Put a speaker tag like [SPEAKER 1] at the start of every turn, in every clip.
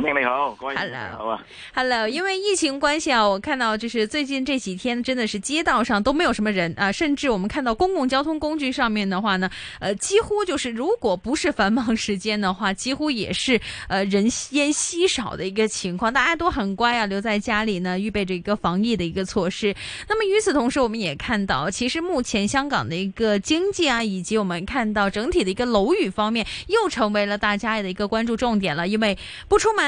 [SPEAKER 1] 歡迎你好，歡迎你好
[SPEAKER 2] 啊 hello，Hello，因為疫情關係啊，我看到就是最近這幾天真的是街道上都沒有什麼人啊，甚至我們看到公共交通工具上面的話呢，呃，幾乎就是如果不是繁忙時間的話，幾乎也是呃人煙稀少的一個情況。大家都很乖啊，留在家裏呢，預備着一個防疫的一個措施。那麼與此同時，我們也看到，其實目前香港的一個經濟啊，以及我們看到整體的一個樓宇方面，又成為了大家的一個關注重點了，因為不出門。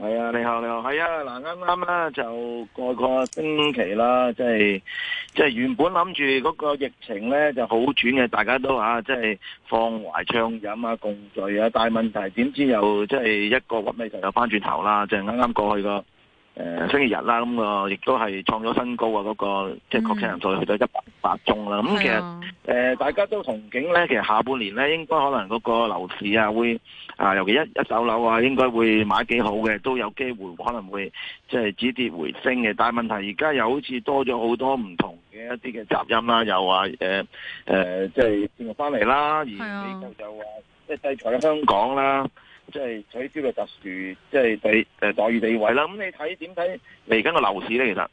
[SPEAKER 1] 係啊，你好，你好，係啊，嗱，啱啱啦就過個星期啦，即係即係原本諗住嗰個疫情咧就好轉嘅，大家都吓即係放懷暢飲啊，共聚啊，但係問題點知又即係一個屈尾就又翻轉頭啦，就係啱啱過去個。誒、呃，星期日啦，咁、嗯、個亦都係創咗新高啊！嗰、那個即係確診人數去到一百八宗啦。咁、嗯、其實誒、 呃，大家都憧憬咧，其實下半年咧，應該可能嗰個樓市啊，會啊，尤其一一手樓啊，應該會買幾好嘅，都有機會可能會即係止跌回升嘅。但係問題而家又好似多咗好多唔同嘅一啲嘅雜音啦，又話誒誒，即係翻嚟啦，而美國又話即係制裁香港啦。即係取消嘅特殊，即係第誒待遇地位啦。咁你睇點睇嚟緊個樓市咧？其實，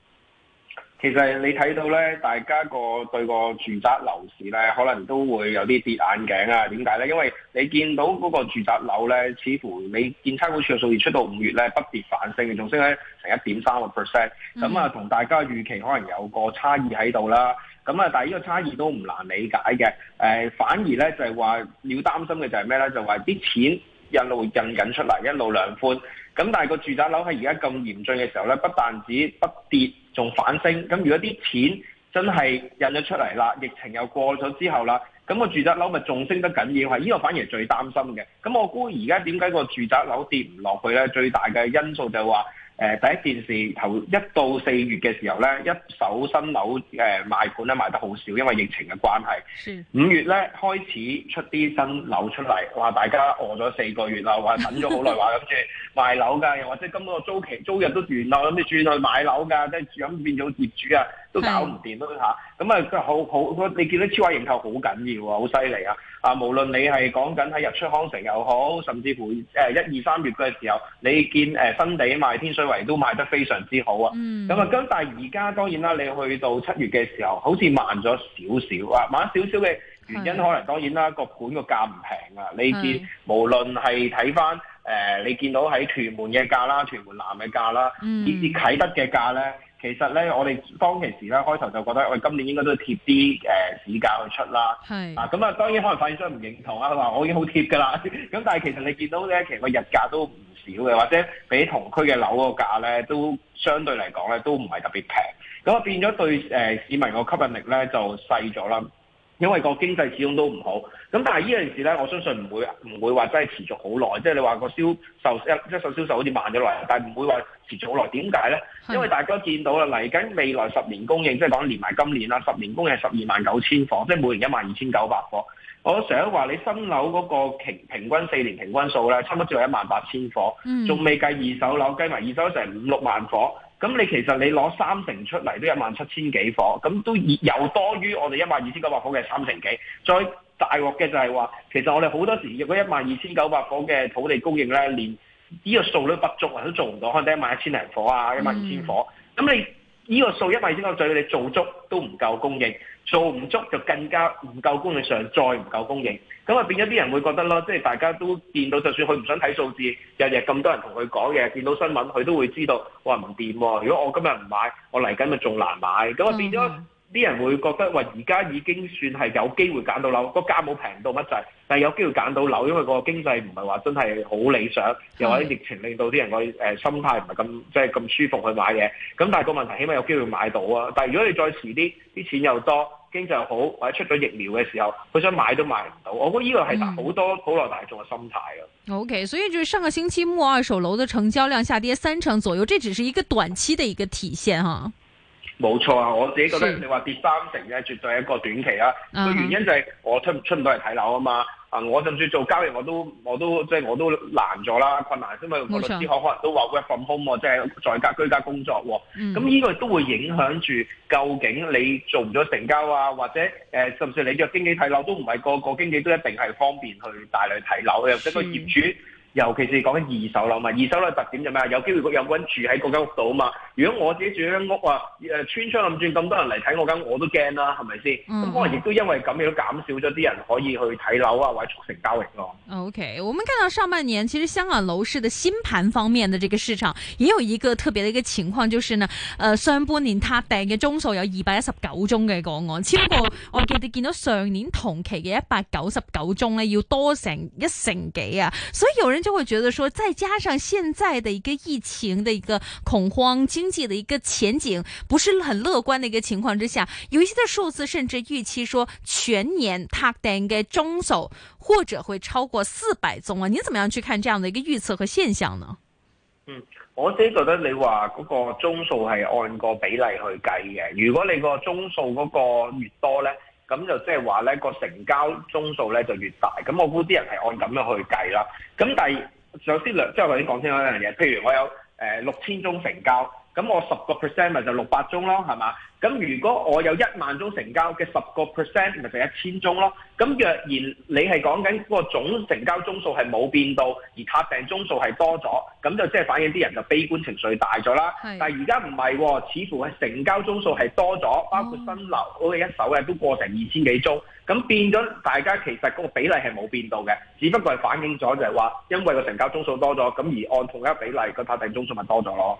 [SPEAKER 3] 其實你睇到咧，大家個對個住宅樓市咧，可能都會有啲跌眼鏡啊。點解咧？因為你見到嗰個住宅樓咧，似乎你差估處嘅數字出到五月咧不跌反升，嘅、嗯，仲升喺成一點三個 percent。咁啊，同大家預期可能有個差異喺度啦。咁啊，但係呢個差異都唔難理解嘅。誒、呃，反而咧就係、是、話要擔心嘅就係咩咧？就係啲錢。一路印緊出嚟，一路量寬，咁但係個住宅樓喺而家咁嚴峻嘅時候咧，不但止不跌，仲反升。咁如果啲錢真係印咗出嚟啦，疫情又過咗之後啦，咁個住宅樓咪仲升得緊要？係呢個反而係最擔心嘅。咁我估而家點解個住宅樓跌唔落去咧？最大嘅因素就係話。呃、第一件事，頭一到四月嘅時候咧，一手新樓誒、呃、賣盤咧賣得好少，因為疫情嘅關係。的五月咧開始出啲新樓出嚟，話大家餓咗四個月啦，話等咗好耐，話諗住賣樓㗎，又或者今個租期租日都完啦，諗住轉去買樓㗎，即係住咁變咗業主啊。都搞唔掂咯吓。咁啊是，佢、嗯、好好，你見到超額認購好緊要啊，好犀利啊！啊，無論你係講緊喺日出康城又好，甚至乎誒一二三月嘅時候，你見誒、呃、新地賣天水圍都賣得非常之好啊！咁啊、嗯，咁但係而家當然啦、啊，你去到七月嘅時候，好似慢咗少少啊，慢少少嘅原因是可能當然啦、啊，個盤個價唔平啊！你見是無論係睇返誒，你見到喺屯門嘅價啦，屯門南嘅價啦，嗯、以至啟德嘅價咧。其實咧，我哋當其時咧，開頭就覺得，我哋今年應該都要貼啲誒市價去出啦。啊是，
[SPEAKER 1] 咁啊，
[SPEAKER 3] 當然可能發展商唔認同啦，話我已經好貼㗎啦。咁 但係其實你見到咧，其實個日價都唔少嘅，或者比同區嘅樓個價咧，都相對嚟講咧，都唔係特別平。咁啊，變咗對市民個吸引力咧就細咗啦。因為個經濟始終都唔好，咁但係呢樣事咧，我相信唔會唔會話真係持續、就是、燒燒好耐。即係你話個銷售即係售銷售好似慢咗落嚟，但係唔會話持續好耐。點解咧？的因為大家見到啦，嚟緊未來十年供應，即係講連埋今年啦，十年供應十二萬九千伙，即係每年一萬二千九百伙。我成日話你新樓嗰個平平均四年平均數咧，差唔多只係一萬八千伙，仲未、嗯、計二手樓，計埋二手成五六萬伙。咁你其實你攞三成出嚟都一萬七千幾火，咁都又多於我哋一萬二千九百火嘅三成幾。再大鑊嘅就係話，其實我哋好多時如果一萬二千九百火嘅土地供應呢，連呢個數量不足都做唔到，可能一萬一千零火啊，一萬二千火，咁你呢個數一萬二千九百火，就算你做足都唔夠供應。做唔足就更加唔夠供應上，再唔夠供應，咁啊變咗啲人會覺得咯，即係大家都見到，就算佢唔想睇數字，日日咁多人同佢講嘢，見到新聞佢都會知道，哇唔掂喎！如果我今日唔買，我嚟緊咪仲難買，咁啊變咗啲人會覺得喂，而家已經算係有機會揀到樓，個價冇平到乜滯，但係有機會揀到樓，因為個經濟唔係話真係好理想，又或者疫情令到啲人個心態唔係咁即係咁舒服去買嘢，咁但係個問題起碼有機會買到啊！但係如果你再遲啲，啲錢又多。經濟好或者出咗疫苗嘅時候，佢想買都買唔到。我覺得呢個係好多普羅大眾嘅心態啊。嗯、
[SPEAKER 2] o、okay, K，所以就上個星期末二手樓嘅成交量下跌三成左右，這只是一個短期嘅一個體現哈、啊。
[SPEAKER 3] 冇錯啊！我自己覺得是你話跌三成絕絕對係一個短期啊。個、uh huh, 原因就係我出出唔到嚟睇樓啊嘛！啊，我甚至做交易我都我都即係、就是、我都難咗啦，困難，因為我律師錯可能都話 work from home，即、啊、係、就是、在家居家工作、啊。咁呢、嗯、個都會影響住究竟你做唔到成交啊，或者誒、呃、甚至你嘅經紀睇樓都唔係個個經紀都一定係方便去帶嚟睇樓，嘅是。即個業主。尤其是講起二手樓嘛，二手樓嘅特點就咩啊？有機會有個人住喺嗰間屋度啊嘛。如果我自己住喺間屋啊，誒、呃，穿窗咁轉咁多人嚟睇我間，我都驚啦、啊，係咪先？咁可能亦都因為咁樣減少咗啲人可以去睇樓啊，或者促成交易咯、
[SPEAKER 2] 啊。OK，我們看到上半年其實香港樓市的新盤方面的這個市場，也有一個特別嘅一個情況，就是呢，誒、呃，上半年撻訂嘅宗數有二百一十九宗嘅個案，超過我記住見到上年同期嘅一百九十九宗呢，要多成一成幾啊，所以有人，就會覺得說，再加上現在的一個疫情的一個恐慌，經濟的一個前景不是很樂觀的一個情況之下，有一些的數字甚至預期說，全年它應該中數或者會超過四百宗啊。你怎麼樣去看這樣的一個預測和現象呢？嗯，
[SPEAKER 3] 我自己覺得你話嗰個中數係按個比例去計嘅，如果你個中數嗰個越多咧。咁就即係話咧，個成交宗數咧就越大，咁我估啲人係按咁樣去計啦。咁但係首先兩，即係頭先講清楚一樣嘢。譬如我有誒六千宗成交。咁我十個 percent 咪就六百宗咯，係嘛？咁如果我有一萬宗成交嘅十個 percent 咪就一千宗咯。咁若然你係講緊個總成交宗數係冇變到，而撻訂宗數係多咗，咁就即係反映啲人就悲觀情緒大咗啦。但係而家唔係，似乎係成交宗數係多咗，包括新樓嗰個一手嘅都過成二千幾宗。咁變咗大家其實嗰個比例係冇變到嘅，只不過係反映咗就係話，因為個成交宗數多咗，咁而按同一比例個撻訂宗數咪多咗咯。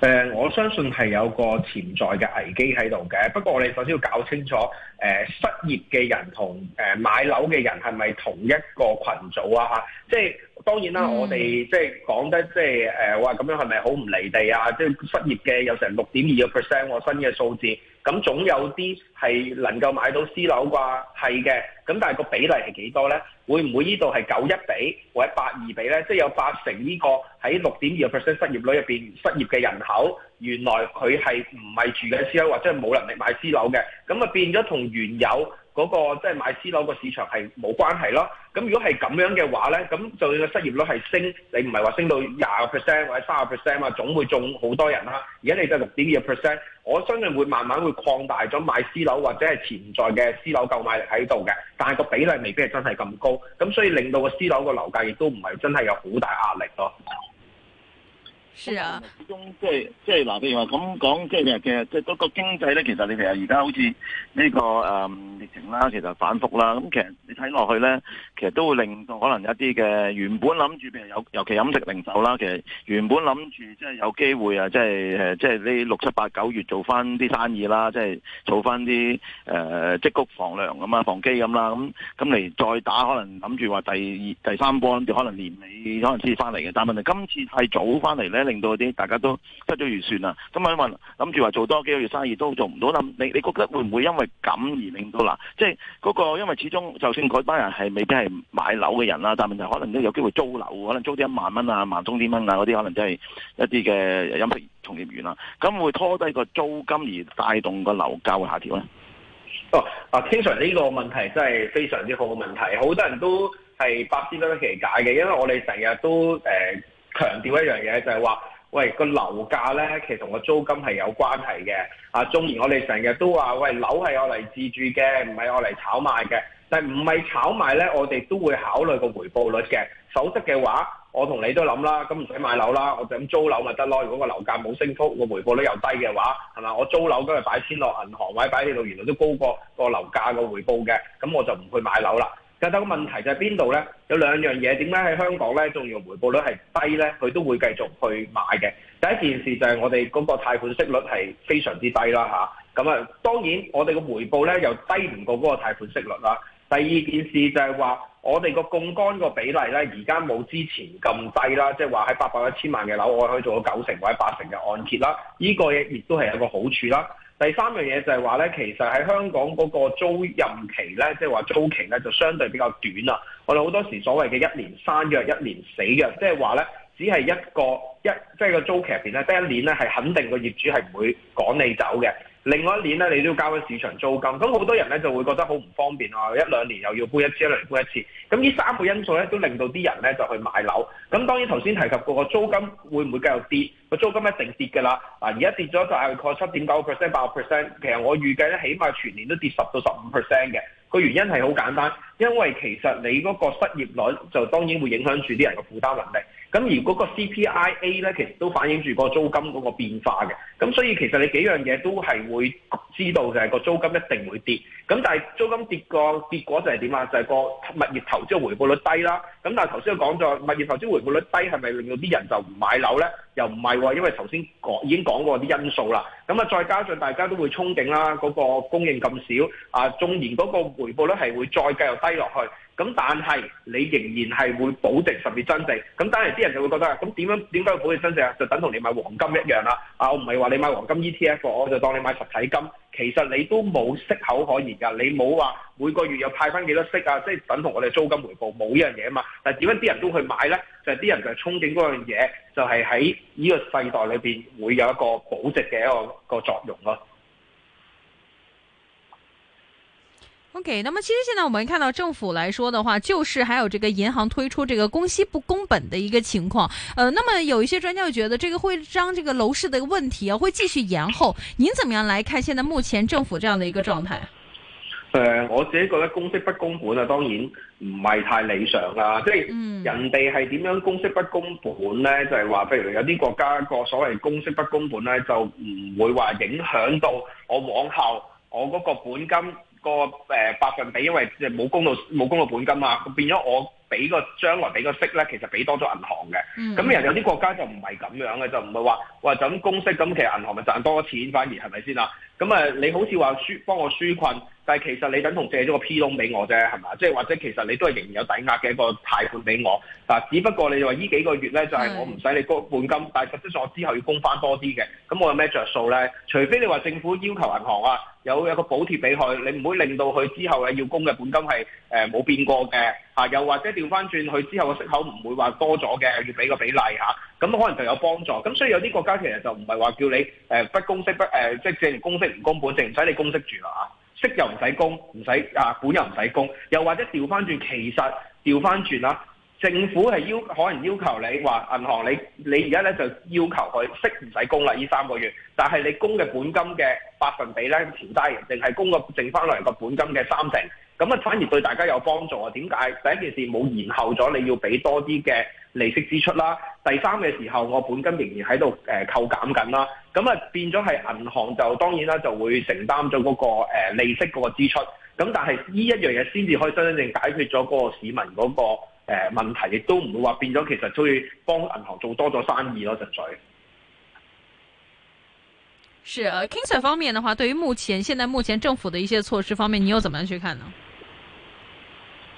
[SPEAKER 3] 呃、我相信係有個潛在嘅危機喺度嘅。不過，我哋首先要搞清楚，呃、失業嘅人同、呃、買樓嘅人係咪同一個群組啊？吓，即係當然啦，mm hmm. 我哋即係講得即係誒哇咁樣係咪好唔離地啊？即係失業嘅有成六點二個 percent 喎，新嘅數字。咁總有啲係能夠買到私樓啩，係嘅。咁但係個比例係幾多咧？會唔會依度係九一比或者八二比咧？即係有八成呢個喺六點二個 percent 失業率入邊失業嘅人口，原來佢係唔係住嘅私樓或者係冇能力買私樓嘅？咁啊變咗同原有。嗰個即係買私樓個市場係冇關係咯。咁如果係咁樣嘅話呢，咁就個失業率係升，你唔係話升到廿個 percent 或者卅個 percent 啊，總會中好多人啦。而家你就六點二個 percent，我相信會慢慢會擴大咗買私樓或者係潛在嘅私樓購買力喺度嘅，但係個比例未必係真係咁高。咁所以令到個私樓個樓價亦都唔係真係有好大壓力咯。
[SPEAKER 1] 係啊，始終
[SPEAKER 3] 即係即係嗱，譬如話咁講，即係
[SPEAKER 1] 其實其實即係嗰個經濟咧，其實你其實而家好似呢、這個誒、嗯、疫情啦，其實反覆啦，咁其實你睇落去咧，其實都會令到可能一啲嘅原本諗住譬如尤尤其飲食零售啦，其實原本諗住即係有機會啊，即係誒即係呢六七八九月做翻啲生意啦，即、就、係、是、儲翻啲誒積谷防糧咁啊，防饑咁啦，咁咁嚟再打，可能諗住話第二第三波諗可能年尾可能先翻嚟嘅，但問題今次太早翻嚟咧。令到啲大家都失咗預算啊！咁我啊，諗住話做多幾個月生意都做唔到啦。你你覺得會唔會因為咁而令到嗱，即係嗰個因為始終就算嗰班人係未必係買樓嘅人啦，但係問題可能都有機會租樓，可能租啲一萬蚊啊、萬通啲蚊啊嗰啲，可能真係一啲嘅飲食從業員啦。咁會拖低個租金而帶動個樓價會下調咧？
[SPEAKER 3] 哦，啊，King Sir，呢個問題真係非常之好嘅問題，好多人都係百思不得其解嘅，因為我哋成日都誒，呃強調一樣嘢就係話，喂個樓價呢，其實同個租金係有關係嘅。啊，縱然我哋成日都話，喂樓係我嚟自住嘅，唔係我嚟炒賣嘅。但唔係炒賣呢，我哋都會考慮個回報率嘅。否則嘅話，我同你都諗啦，咁唔使買樓啦，我咁租樓咪得咯。如果個樓價冇升幅，個回報率又低嘅話，係嘛？我租樓今日擺錢落銀行位，擺喺度，原來都高過個樓價個回報嘅，咁我就唔去買樓啦。但係個問題就係邊度咧？有兩樣嘢點解喺香港咧，仲要回報率係低咧？佢都會繼續去買嘅。第一件事就係我哋嗰個貸款息率係非常之低啦，嚇。咁啊，當然我哋個回報咧又低唔過嗰個貸款息率啦。第二件事就係話我哋個槓桿個比例咧，而家冇之前咁低啦，即係話喺八百一千萬嘅樓，我可以做到九成或者八成嘅按揭啦。呢、呢個亦都係一個好處啦。第三樣嘢就係話咧，其實喺香港嗰個租任期咧，即係話租期咧，就相對比較短啦。我哋好多時所謂嘅一年生約，一年死約，即係話咧，只係一個一，即係個租期入邊咧，得一年咧，係肯定個業主係唔會趕你走嘅。另外一年咧，你都要交翻市場租金，咁好多人咧就會覺得好唔方便啊！一兩年又要搬一次，一兩年搬一次，咁呢三個因素咧都令到啲人咧就去買樓。咁當然頭先提及嗰個租金會唔會繼續跌？個租金一定跌㗎啦。嗱，而家跌咗就係概七點九個 percent、八個 percent，其實我預計咧起碼全年都跌十到十五 percent 嘅。個原因係好簡單，因為其實你嗰個失業率就當然會影響住啲人嘅負擔能力。咁而嗰個 CPIA 咧，其實都反映住個租金嗰個變化嘅。咁所以其實你幾樣嘢都係會知道，就係、是、個租金一定會跌。咁但係租金跌個結果就係點啊？就係、是、個物業投資回報率低啦。咁但係頭先講咗物業投資回報率低，係咪令到啲人就唔買樓咧？又唔係喎，因為頭先講已經講過啲因素啦。咁啊，再加上大家都會憧憬啦，嗰、那個供應咁少啊，縱然嗰個回報率係會再繼續低落去。咁但係你仍然係會保值甚至增值，咁當然啲人就會覺得，咁點樣點解會保值增值啊？就等同你買黃金一樣啦。啊，我唔係話你買黃金 E T F，我就當你買實體金，其實你都冇息口可言㗎，你冇話每個月又派翻幾多息啊，即係等同我哋租金回報冇一樣嘢啊嘛。但係點解啲人都去買呢？就係啲人就係憧憬嗰樣嘢，就係喺呢個世代裏面會有一個保值嘅一,一個作用咯。
[SPEAKER 2] OK，那麼其實現在我們看到政府來說的話，就是還有這個銀行推出這個供息不供本的一個情況。呃，那麼有一些專家覺得這個會將這個樓市的問題、啊、會繼續延後。您怎麼樣來看現在目前政府這樣的一個狀態？
[SPEAKER 3] 誒、呃，我自己覺得供息不供本啊，當然唔係太理想啦、啊。即係、嗯、人哋係點樣供息不供本呢就係、是、話，譬如有啲國家個所謂供息不供本呢，就唔會話影響到我往後我嗰個本金。個誒百分比，因為即係冇供到，冇供到本金啊，變咗我。俾個將來俾個息咧，其實俾多咗銀行嘅。咁人有啲國家就唔係咁樣嘅、mm.，就唔係話，哇就咁供息，咁其實銀行咪賺多咗錢，反而係咪先啦？咁啊，你好似話輸幫我輸困，但係其實你等同借咗個 P 窿俾我啫，係嘛？即、就、係、是、或者其實你都係仍然有抵押嘅一個貸款俾我。嗱，只不過你話呢幾個月咧，就係、是、我唔使你供本金，mm. 但係實質上我之後要供翻多啲嘅。咁我有咩着數咧？除非你話政府要求銀行啊，有有個補貼俾佢，你唔會令到佢之後嘅要供嘅本金係誒冇變過嘅。啊，又或者調翻轉去之後個息口唔會話多咗嘅，要俾個比例嚇，咁、啊、可能就有幫助。咁、啊、所以有啲國家其實就唔係話叫你、呃、不供息不即係借供息唔供本，淨唔使你供息住啦嚇、啊，息又唔使供，唔使啊，本又唔使供。又或者調翻轉，其實調翻轉啦，政府係要可能要求你話銀行你你而家咧就要求佢息唔使供啦，呢三個月，但係你供嘅本金嘅百分比咧調低，淨係供個剩翻落嚟個本金嘅三成。咁啊，反而對大家有幫助啊！點解第一件事冇延後咗，你要俾多啲嘅利息支出啦；第三嘅時候，我本金仍然喺度誒扣減緊啦。咁啊，變咗係銀行就當然啦，就會承擔咗嗰個利息嗰個支出。咁但係呢一樣嘢先至可以真真正解決咗嗰個市民嗰個誒問題，亦都唔會話變咗其實都去幫銀行做多咗生意咯。純粹
[SPEAKER 2] 係 King Sir 方面嘅話，對於目前現在目前政府的一些措施方面，你又怎麼樣去看呢？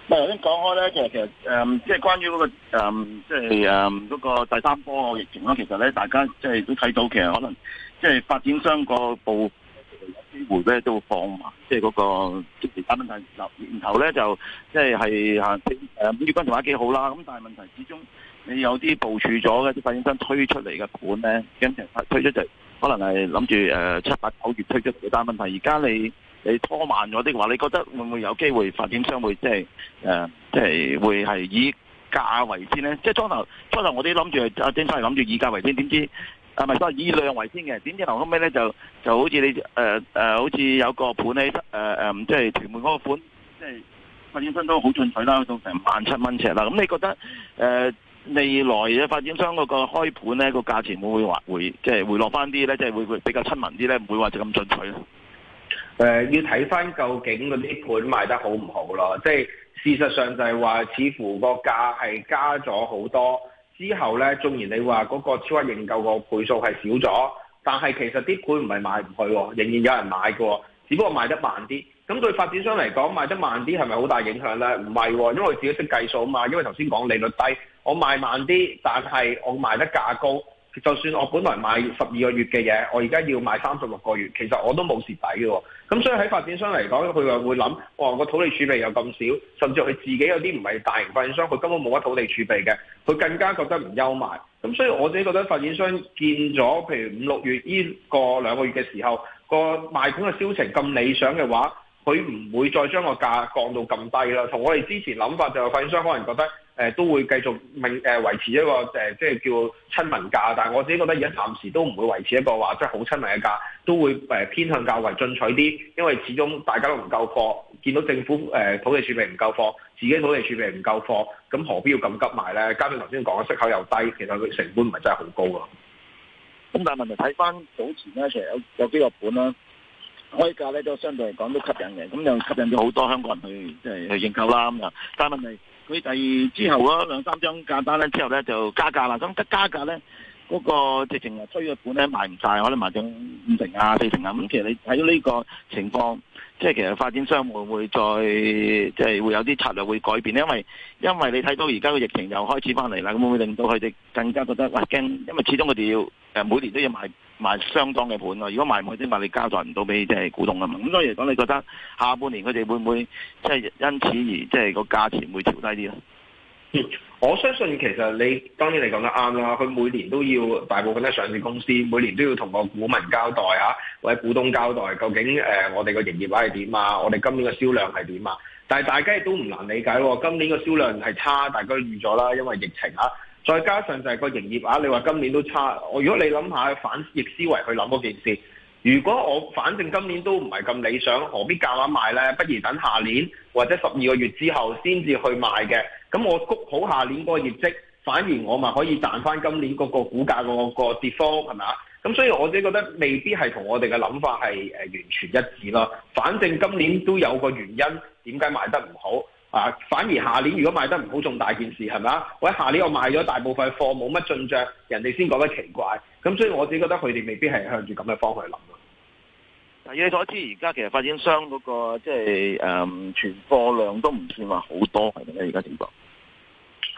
[SPEAKER 1] 頭先講開呢，其實其實、嗯、即係關於嗰、嗰個、嗯、即係嗰、嗯嗰個第三波疫情啦。其實呢，大家即係都睇到，其實可能即係發展商個步，其實有機會咧都會放慢，即係嗰個即係單問題。然後，呢，就即係係行，誒、啊，咁而家電話幾好啦。咁但係問題始終你有啲部署咗嘅啲發展商推出嚟嘅盤咧，跟住推出就可能係諗住誒七八九月推出，但單問題而家你。你拖慢咗啲話，你覺得會唔會有機會發展商會、呃、即係會係以價為先咧？即係初頭，初頭我哋諗住阿丁生係諗住以價為先，點知啊唔係，以量為先嘅。點知後尾咧就就好似你、呃呃、好似有個盤咧誒誒，即係屯門嗰個盤，即係發展商都好進取啦，到成萬七蚊尺啦。咁、嗯、你覺得、呃、未來嘅發展商嗰、個開盤咧、個價錢會唔會話回？即係回落翻啲咧？即係會會比較親民啲咧？唔會話就咁進取
[SPEAKER 3] 咧？誒、呃、要睇翻究竟嗰啲盤賣得好唔好咯？即係事實上就係話，似乎個價係加咗好多之後呢，縱然你話嗰個超額認購個倍數係少咗，但係其實啲盤唔係買唔去喎、哦，仍然有人買嘅、哦，只不過賣得慢啲。咁對發展商嚟講，賣得慢啲係咪好大影響呢？唔係、哦，因為我自己識計數嘛。因為頭先講利率低，我賣慢啲，但係我賣得價高。就算我本來買十二個月嘅嘢，我而家要買三十六個月，其實我都冇蝕底嘅喎。咁所以喺發展商嚟講，佢又會諗，哇、哦、個土地儲備又咁少，甚至佢自己有啲唔係大型發展商，佢根本冇乜土地儲備嘅，佢更加覺得唔憂賣。咁所以我自己覺得發展商見咗，譬如五六月呢、這個兩個月嘅時候，個賣盤嘅銷情咁理想嘅話，佢唔會再將個價降到咁低啦。同我哋之前諗法就發展商可能覺得。誒、呃、都會繼續誒維持一個誒、呃，即係叫親民價。但係我自己覺得而家暫時都唔會維持一個話即係好親民嘅價，都會誒、呃、偏向較為進取啲。因為始終大家都唔夠貨，見到政府誒土、呃、地儲備唔夠貨，自己土地儲備唔夠貨，咁何必要咁急賣咧？加上頭先講嘅息口又低，其實佢成本唔係真係好高㗎。咁但係問題睇返早前咧，其實有
[SPEAKER 1] 有幾個盤啦，開價咧都相對嚟講都吸引嘅，咁又吸引咗好多，多香港人去即係去認購啦。咁啊，但係問題。佢第二之後嗰兩三張價單咧，之後咧就加價啦。咁得加價咧，嗰、嗰個、嗰個、直情啊推咗盤咧賣唔晒。可能賣咗五成啊、四成啊。咁其實你睇到呢個情況，即係其實發展商會唔會再即係、即係、會有啲策略會改變咧？因為因為你睇到而家嘅疫情又開始翻嚟啦，咁會唔會令到佢哋更加覺得哇驚？因為始終佢哋要誒每年都要賣。賣相當嘅盤咯，如果賣唔去的話，你交代唔到俾即係股東啊嘛。咁當然嚟講，你覺得下半年佢哋會唔會即係因此而即係個
[SPEAKER 3] 價錢會調低啲咧，嗯？我相信其實你當然嚟講得啱啦、啊。佢每年都要大部分咧上市公司每年都要同個股民交代吓、啊，或者股東交代究竟誒、呃、我哋個營業位係點啊？我哋今年嘅銷量係點啊？但係大家亦都唔難理解喎、啊，今年個銷量係差，大家都預咗啦，因為疫情啊。再加上就係個營業額，你話今年都差，我如果你諗下反逆思維去諗嗰件事，如果我反正今年都唔係咁理想，何必夾硬賣呢？不如等下年或者十二個月之後先至去賣嘅。咁我谷好下年嗰個業績，反而我咪可以賺翻今年嗰個股價個個跌幅係咪啊？咁所以我自己覺得未必係同我哋嘅諗法係完全一致咯。反正今年都有個原因點解賣得唔好。啊！反而下年如果賣得唔好，重大件事係咪啊？喂，下年我賣咗大部分貨，冇乜進賬，人哋先覺得奇怪。咁所以我自己覺得佢哋未必係向住咁嘅方向去諗
[SPEAKER 1] 咯。但以你所知，而家其實發展商嗰個即
[SPEAKER 3] 係誒存貨量都唔算話好
[SPEAKER 1] 多，係咪啊？而家點講？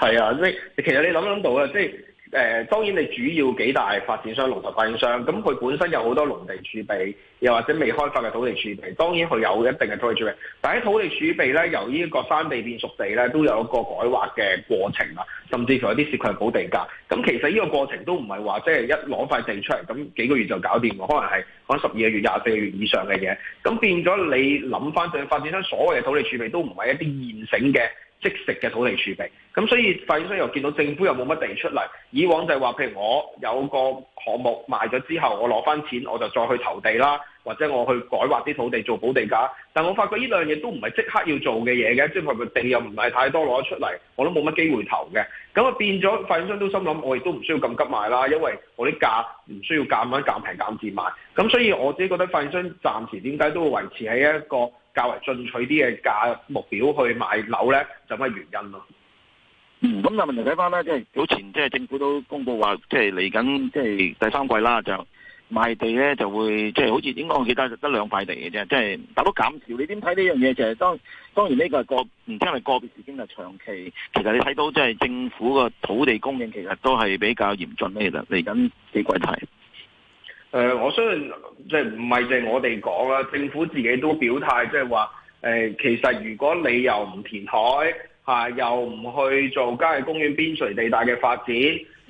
[SPEAKER 3] 係啊，即係其實你諗唔諗到啊？即係。誒、呃、當然你主要幾大發展商、龍頭發展商，咁佢本身有好多農地儲備，又或者未開發嘅土地儲備，當然佢有一定嘅土地儲備。但喺土地儲備咧，由依個山地變熟地咧，都有一個改劃嘅過程啦，甚至乎有啲涉及補土地價。咁其實呢個過程都唔係話即係一攞塊地出嚟，咁幾個月就搞掂，可能係可能十二個月、廿四個月以上嘅嘢。咁變咗你諗翻，對發展商所謂嘅土地儲備都唔係一啲現成嘅即食嘅土地儲備。咁所以發展商又見到政府又冇乜地出嚟，以往就係話，譬如我有個項目賣咗之後，我攞翻錢，我就再去投地啦，或者我去改劃啲土地做補地價。但我發覺呢樣嘢都唔係即刻要做嘅嘢嘅，即係佢地又唔係太多攞得出嚟，我都冇乜機會投嘅。咁啊變咗發展商都心諗，我亦都唔需要咁急賣啦，因為我啲價唔需要減穩減平減賤賣。咁所以我自己覺得發展商暫時點解都會維持喺一個較為進取啲嘅價目表去賣樓呢？就乜、是、原因咯。嗯，咁個問題睇翻咧，即係早前即係政府都
[SPEAKER 1] 公布話，即係嚟緊即係第三季啦，就賣地咧就會即係好似，應該我記得得兩塊地嘅啫。即係都減少，你點睇呢樣嘢？就係當當然呢個係個，唔知係個
[SPEAKER 3] 別事件啊，長期
[SPEAKER 1] 其實你睇到即係政府個土地供應其實都係比較嚴峻嘅，其實嚟緊幾季睇，
[SPEAKER 3] 誒，我相信即係唔係淨係我哋講啦，政府自己都表態，即係話誒，其實如果你又唔填海。啊！又唔去做郊野公園邊陲地帶嘅發展，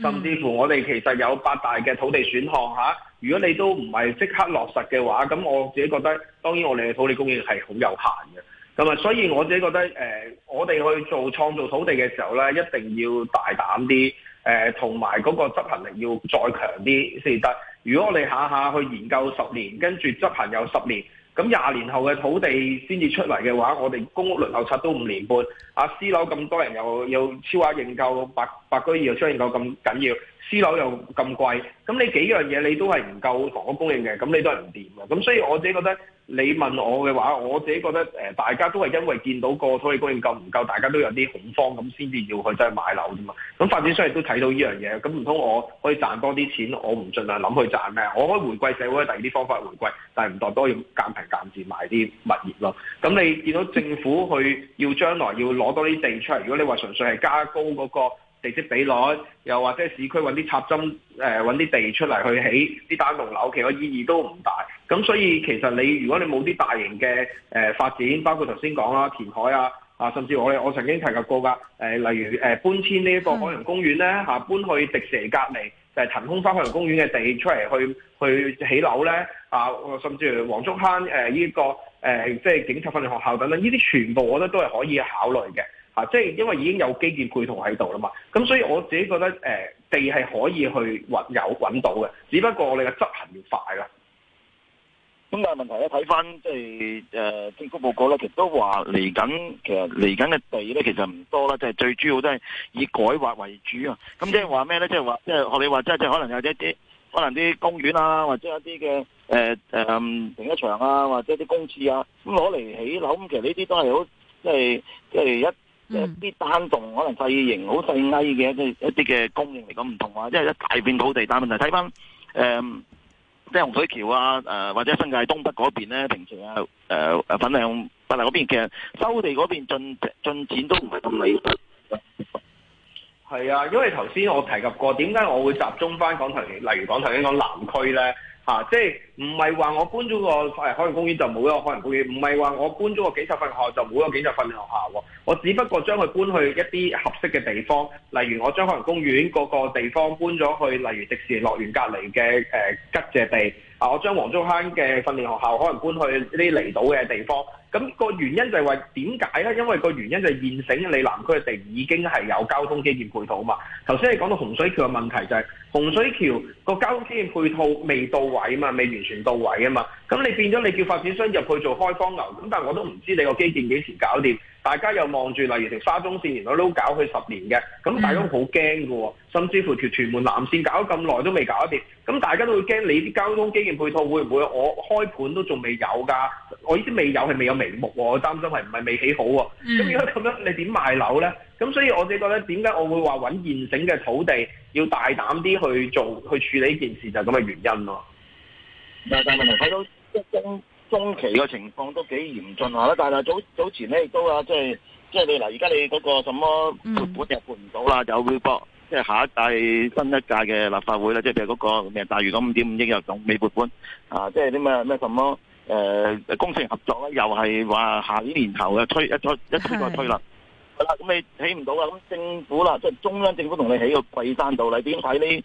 [SPEAKER 3] 甚至乎我哋其實有八大嘅土地選項嚇、啊。如果你都唔係即刻落實嘅話，咁我自己覺得，當然我哋嘅土地供應係好有限嘅。咁啊，所以我自己覺得，誒、呃，我哋去做創造土地嘅時候咧，一定要大膽啲，誒、啊，同埋嗰個執行力要再強啲先得。啊、如果我哋下下去研究十年，跟住執行有十年，咁廿年後嘅土地先至出嚟嘅話，我哋公屋輪候冊都五年半，阿私樓咁多人又又超額認購，白白居二又出現到咁緊要。私樓又咁貴，咁你幾樣嘢你都係唔夠房屋供應嘅，咁你都係唔掂嘅。咁所以我自己覺得，你問我嘅話，我自己覺得、呃、大家都係因為見到個土地供應夠唔夠，大家都有啲恐慌咁，先至要去真係買樓啫嘛。咁發展商亦都睇到呢樣嘢，咁唔通我可以賺多啲錢，我唔盡量諗去賺咩？我可以回饋社會第二啲方法回饋，但係唔代多要以間平間字買啲物業咯。咁你見到政府去要將來要攞多啲地出嚟，如果你話純粹係加高嗰個，地積比率，又或者市區揾啲插針，誒揾啲地出嚟去起啲單棟樓，其實意義都唔大。咁所以其實你如果你冇啲大型嘅誒發展，包括頭先講啦，填海啊，啊甚至我我曾經提及過㗎，例如誒搬遷呢個海洋公園呢，搬去迪士尼隔離，就係騰空翻海洋公園嘅地出嚟去去起樓呢，啊甚至乎黃竹坑誒、呢、呢個誒即係警察訓練學校等等，呢啲全部我覺得都係可以考慮嘅。啊，即係因為已經有基建配套喺度啦嘛，咁所以我自己覺得、呃、地係可以去揾有揾到嘅，只不過我哋嘅執行要快啦。咁但係問
[SPEAKER 1] 題咧，睇翻即係誒政府報告咧，其實都話嚟緊，其實嚟緊嘅地咧其實唔多啦，即係最主要都係以改劃為主啊。咁即係話咩咧？即係話即係學你話即係即係可能有一啲可能啲公園啊，或者有一啲嘅誒誒停車場啊，或者啲公廁啊，咁攞嚟起樓，咁其實呢啲都係好即係即係一。即啲單棟可能細型好細㗎嘅一啲一啲嘅供應嚟講唔同啊，即係一大片土地，但問題睇翻、呃、即係洪水橋啊、呃，或者新界東北嗰
[SPEAKER 3] 邊咧，平時啊、
[SPEAKER 1] 呃、粉嶺粉嶺嗰邊，其實收地嗰邊進，進展都唔係咁理
[SPEAKER 3] 想。係啊、嗯，因為頭先我提及過，點解我會集中翻港島，例如講頭先講南區咧。啊！即係唔係話我搬咗個誒、哎、海洋公園就冇咗海洋公園？唔係話我搬咗個警察訓練學校就冇咗警察訓練學校喎。我只不過將佢搬去一啲合適嘅地方，例如我將海洋公園嗰個地方搬咗去，例如迪士尼樂園隔離嘅誒吉謝地。啊，我將黃竹坑嘅訓練學校可能搬去呢離島嘅地方。咁、那個原因就係話點解呢？因為個原因就係現成你南區嘅地已經係有交通基建配套啊嘛。頭先你講到洪水橋嘅問題就係、是。洪水橋個交通基建配套未到位啊嘛，未完全到位啊嘛，咁你變咗你叫發展商入去做開荒牛，咁但係我都唔知你個基建幾時搞掂，大家又望住例如條沙中線原來都搞去十年嘅，咁大家都好驚嘅喎，甚至乎條屯門南線搞咗咁耐都未搞得掂，咁大家都會驚你啲交通基建配套會唔會我開盤都仲未有㗎，我依啲未有係未有眉目喎，我擔心係唔係未起好喎，咁如果咁樣你點賣樓咧？咁所以我哋覺得點解我會話揾現成嘅土地，要大膽啲去做去處理呢件事，就係咁嘅原因咯、啊。但
[SPEAKER 1] 係問題睇、嗯、到中中期嘅情況都幾嚴峻下啦，但係早早前咧亦都啊，即係即係你嗱，而家你嗰個什麼撥款又撥唔到啦，嗯、有 book，就會博即係下一屆新一屆嘅立法會咧，即係譬如嗰個咩大魚攞五點五億又總未撥款啊，即係啲咩咩什麼，什麼、呃、工程合作咧，又係話下年年頭嘅推一再一再推啦。啦，咁你起唔到啦，咁政府啦，即係中央政府同你起個桂山島，你點睇呢？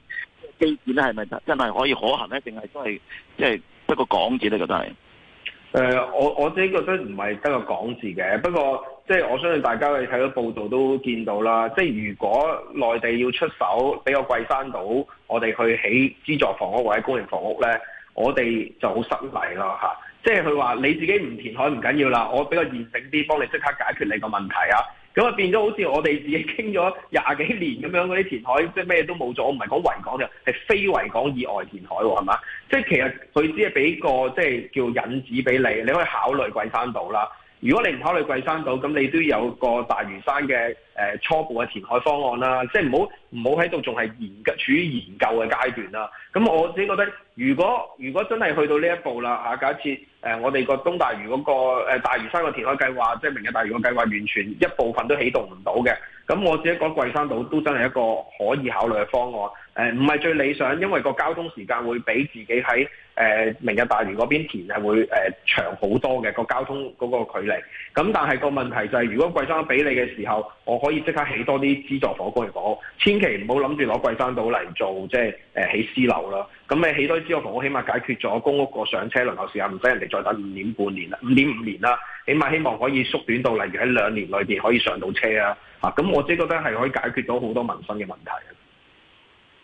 [SPEAKER 1] 基建咧係咪真係可以可行咧？定係真係即係得個講字呢？覺得係
[SPEAKER 3] 誒，我我自己覺得唔係得個講字嘅，不過即係我相信大家去睇到報道都見到啦，即係如果內地要出手俾個桂山島，我哋去起資助房屋或者公營房屋咧，我哋就好失禮咯吓。即係佢話你自己唔填海唔緊要啦，我比較現成啲，幫你即刻解決你個問題啊！咁啊變咗好似我哋自己傾咗廿幾年咁樣嗰啲填海，即係咩都冇咗。我唔係講維港嘅，係非維港以外填海喎，係嘛？即係其實佢只係俾個即係叫引子俾你，你可以考慮桂山島啦。如果你唔考慮桂山島，咁你都有個大嶼山嘅、呃、初步嘅填海方案啦。即係唔好唔好喺度仲係研究，處於研究嘅階段啦。咁我自己覺得，如果如果真係去到呢一步啦嚇、啊，假設。誒、呃，我哋個東大嶼嗰個大嶼山個填海計劃，即係明日大嶼個計劃，完全一部分都起動唔到嘅。咁我自己覺得，桂山島都真係一個可以考慮嘅方案。誒、呃，唔係最理想，因為個交通時間會比自己喺誒、呃、明日大嶼嗰邊填係會誒、呃、長好多嘅個交通嗰個距離。咁但係個問題就係、是，如果桂山島俾你嘅時候，我可以即刻起多啲資助房屋。千祈唔好諗住攞桂山島嚟做即係誒、呃、起私樓啦。咁你起多啲資助房屋，起碼解決咗公屋個上車輪流時間，唔使人哋，再等五年半年啦，五年五年啦，起碼希望可以縮短到，例如喺兩年內邊可以上到車啊！啊，咁我自己覺得係可以解決到好多民生嘅問題。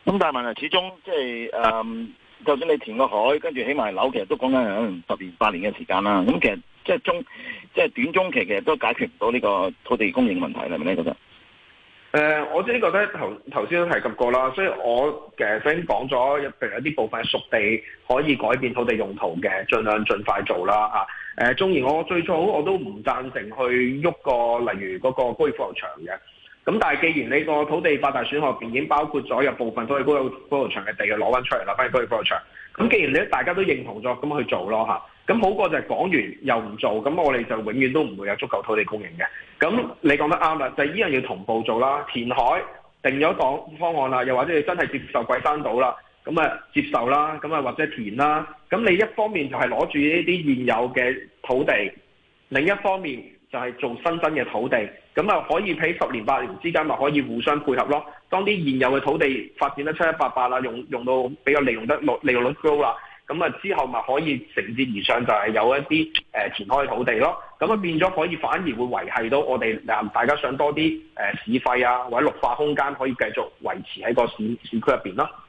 [SPEAKER 3] 咁但係問題
[SPEAKER 1] 始終即係誒，就算你填個海，跟住起埋樓，其實都講緊係可能十年八年嘅時間啦。咁、嗯、其實即係中即係短中期，其實都解決唔到呢個土地供應問題，係咪咧？你覺得？
[SPEAKER 3] 誒、呃，我自己覺得頭頭先都提及過啦，所以我嘅、呃、先講咗，譬如有啲部分屬地可以改變土地用途嘅，儘量盡快做啦嚇。誒、呃，當然我最早我都唔贊成去喐個例如嗰個高爾夫球場嘅，咁但係既然你個土地八大選項入邊已經包括咗有部分都係高爾夫球場嘅地，攞翻出嚟啦，翻去高爾夫球場。咁既然咧大家都認同咗，咁去做咯嚇。咁好過就係講完又唔做，咁我哋就永遠都唔會有足夠土地供應嘅。咁你講得啱啦，就係依樣要同步做啦。填海定咗講方案啦，又或者你真係接受桂山島啦，咁啊接受啦，咁啊或者填啦。咁你一方面就係攞住呢啲現有嘅土地，另一方面就係做新增嘅土地，咁啊可以喺十年八年之間咪可以互相配合咯。當啲現有嘅土地發展得七七八八啦，用用到比較利用得利用率高啦，咁啊之後咪可以承接而上，就係有一啲誒填開的土地咯，咁啊變咗可以反而會維繫到我哋啊大家想多啲誒、呃、市費啊或者綠化空間可以繼續維持喺個市市區入邊咯。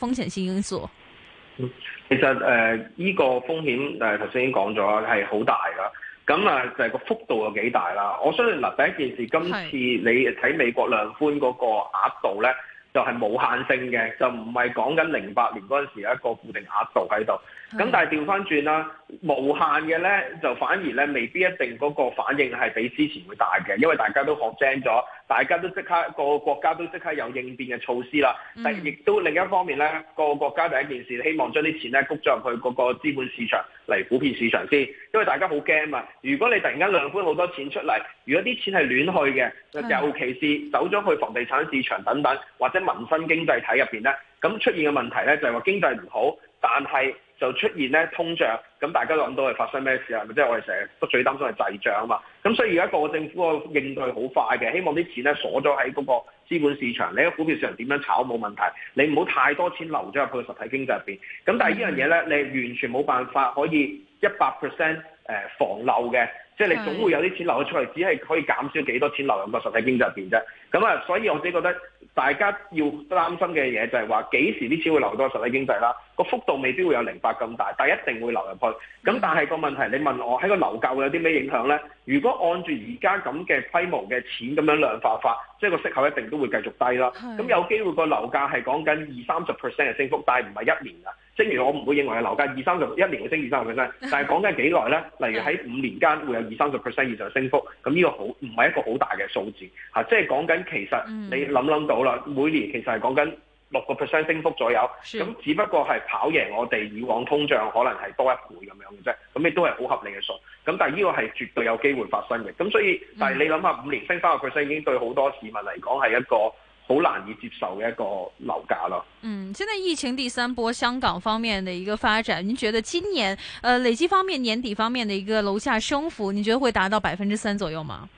[SPEAKER 2] 風險性因素，
[SPEAKER 3] 嗯，其實誒，依、呃這個風險誒，頭、呃、先已經講咗係好大噶，咁啊就係、是、個幅度有幾大啦。我相信嗱，第一件事，今次你睇美國量寬嗰個額度咧，就係、是、無限性嘅，就唔係講緊零八年嗰陣時候一個固定額度喺度。咁但係掉翻轉啦，無限嘅呢就反而呢未必一定嗰個反應係比之前會大嘅，因為大家都學精咗，大家都即刻各個國家都即刻有應變嘅措施啦。嗯、但亦都另一方面呢，各個國家第一件事希望將啲錢呢谷咗入去個個資本市場嚟，股票市場先，因為大家好驚啊。如果你突然間量寬好多錢出嚟，如果啲錢係亂去嘅，的尤其是走咗去房地產市場等等，或者民生經濟體入面呢，咁出現嘅問題呢，就係、是、話經濟唔好，但係。就出現咧通脹，咁大家都諗到係發生咩事啊？係咪即係我哋成日都最擔心係滯脹啊嘛？咁所以而家個政府個應對好快嘅，希望啲錢咧鎖咗喺嗰個資本市場。你喺股票市場點樣炒冇問題，你唔好太多錢流咗入去實體經濟入邊。咁但係呢樣嘢咧，你完全冇辦法可以一百 percent 誒防漏嘅，即係你總會有啲錢流咗出嚟，的只係可以減少幾多錢流入個實體經濟入邊啫。咁啊，所以我自己覺得。大家要擔心嘅嘢就係話幾時啲錢會流到實體經濟啦？個幅度未必會有零八咁大，但係一定會流入去。咁但係個問題，你問我喺個樓價會有啲咩影響咧？如果按住而家咁嘅規模嘅錢咁樣量化化，即係個息口一定都會繼續低啦。咁有機會個樓價係講緊二三十 percent 嘅升幅，但係唔係一年啊。正如我唔會認為係樓價二三十一年會升二三十 percent，但係講緊幾耐咧？例如喺五年間會有二三十 percent 以上升幅，咁呢個好唔係一個好大嘅數字嚇。即係講緊其實你諗諗。到啦，每年其實係講緊六個 percent 升幅左右，咁是只不過係跑贏我哋以往通脹可能係多一倍咁樣嘅啫，咁亦都係好合理嘅數。咁但係呢個係絕對有機會發生嘅。咁所以，但係你諗下，五年升三個 percent 已經對好多市民嚟講係一個好難以接受嘅一個樓價咯。嗯，
[SPEAKER 2] 現在疫情第三波，香港方面嘅一個發展，您覺得今年，呃，累積方面年底方面嘅一個樓價升幅，你覺得會達到百分之三左右嗎？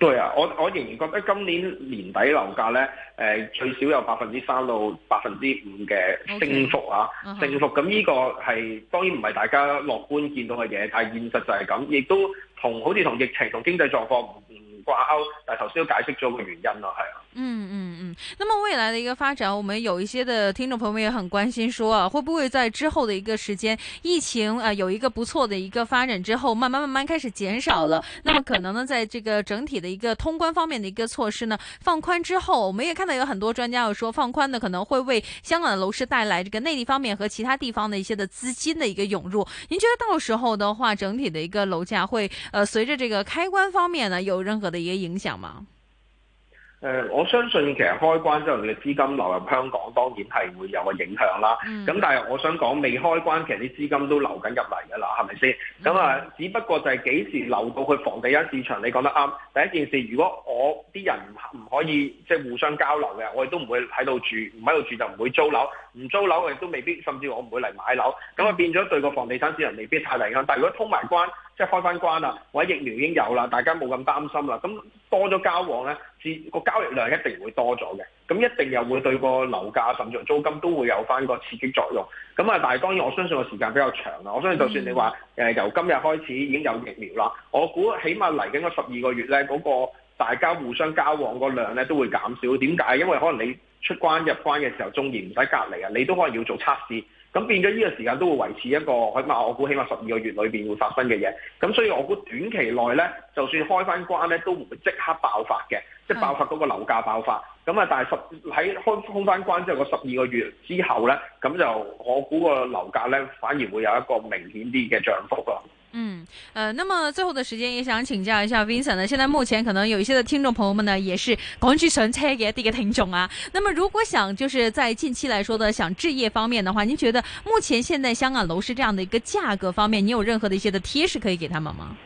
[SPEAKER 3] 對啊，我我仍然覺得今年年底樓價咧，誒、呃、最少有百分之三到百分之五嘅升幅啊，升幅。咁呢、okay. uh huh. 個係當然唔係大家樂觀見到嘅嘢，但係現實就係咁，亦都同好似同疫情同經濟狀況唔。掛，但頭
[SPEAKER 2] 先都解釋咗個原因咯，係啊、嗯。嗯嗯嗯，那麼未來的一個發展，我們有一些的聽眾朋友們也很關心，說啊，會不會在之後的一個時間，疫情啊、呃、有一個不錯的一個發展之後，慢慢慢慢開始減少了，那麼可能呢，在這個整體的一個通關方面的一個措施呢，放寬之後，我們也看到有很多專家有說，放寬呢可能會為香港的樓市帶來這個內地方面和其他地方的一些的資金的一個湧入。您覺得到時候的話，整體的一個樓價會，呃，隨着這個開關方面呢有任何的？嘅影響嘛？
[SPEAKER 3] 誒、呃，我相信其實開關之後你嘅資金流入香港，當然係會有個影響啦。咁、嗯、但係我想講，未開關其實啲資金都流緊入嚟噶啦，係咪先？咁、嗯、啊，嗯、只不過就係幾時流到去房地產市場？你講得啱。第一件事，如果我啲人唔唔可以即係、就是、互相交流嘅，我亦都唔會喺度住，唔喺度住就唔會租樓，唔租樓我亦都未必，甚至我唔會嚟買樓。咁啊變咗對個房地產市場未必太影響。但係如果通埋關。即係開翻關啦，或者疫苗已經有啦，大家冇咁擔心啦。咁多咗交往呢，個交易量一定會多咗嘅。咁一定又會對個樓價甚至租金都會有翻個刺激作用。咁啊，但係當然我相信個時間比較長啦。我相信就算你話呃，由今日開始已經有疫苗啦，我估起碼嚟緊個十二個月呢，嗰個大家互相交往個量呢都會減少。點解？因為可能你出關入關嘅時候中意唔使隔離啊，你都可能要做測試。咁變咗呢個時間都會維持一個，喺嘛我估起碼十二個月裏邊會發生嘅嘢。咁所以我估短期內呢，就算開翻關呢，都唔會即刻爆發嘅，的即係爆發嗰個樓價爆發。咁啊，但係十喺開返翻關之後，個十二個月之後呢，咁就我估個樓價呢，反而會有一個明顯啲嘅漲幅咯。
[SPEAKER 2] 嗯，呃，那麼最後的時間也想請教一下 Vincent 呢？現在目前可能有一些的聽眾朋友們呢，也是趕住上車嘅呢啲聽眾啊。那麼如果想就是在近期來說的，想置業方面的話，你覺得目前現在香港樓市這樣的一個價格方面，你有任何的一些的貼士可以給他們嗎？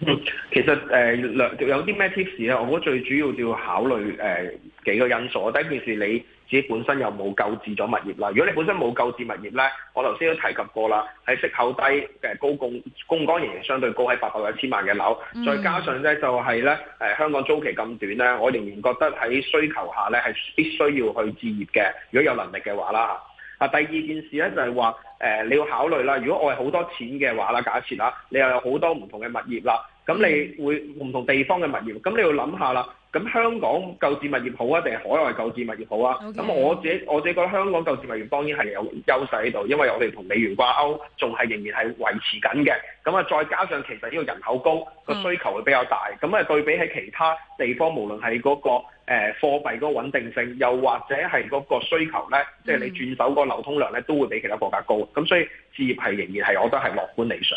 [SPEAKER 2] 嗯，
[SPEAKER 3] 其實呃，有有啲咩貼士呢？我覺得最主要要考慮呃，幾個因素，第一件事你。自己本身又冇購置咗物業啦。如果你本身冇購置物業呢，我頭先都提及過啦，喺息口低嘅高供槓桿仍然相對高，喺八百到一千萬嘅樓，再加上呢，就係、是、呢、呃、香港租期咁短呢，我仍然覺得喺需求下呢，係必須要去置業嘅，如果有能力嘅話啦啊，第二件事呢，就係、是、話、呃、你要考慮啦，如果我係好多錢嘅話啦，假設啦，你又有好多唔同嘅物業啦，咁你會唔同地方嘅物業，咁你要諗下啦。咁香港購置物業好啊，定係海外購置物業好啊？咁 Okay. 我自己我自己覺得香港購置物業當然係有優勢喺度，因為我哋同美元掛鈎，仲係仍然係維持緊嘅。咁啊，再加上其實呢個人口高個、mm. 需求會比較大，咁啊對比喺其他地方，無論係嗰、那個誒、呃、貨幣嗰個穩定性，又或者係嗰個需求咧，即、就、係、是、你轉手嗰個流通量咧，都會比其他國家高。咁所以置業係仍然係我覺得係樂觀理想。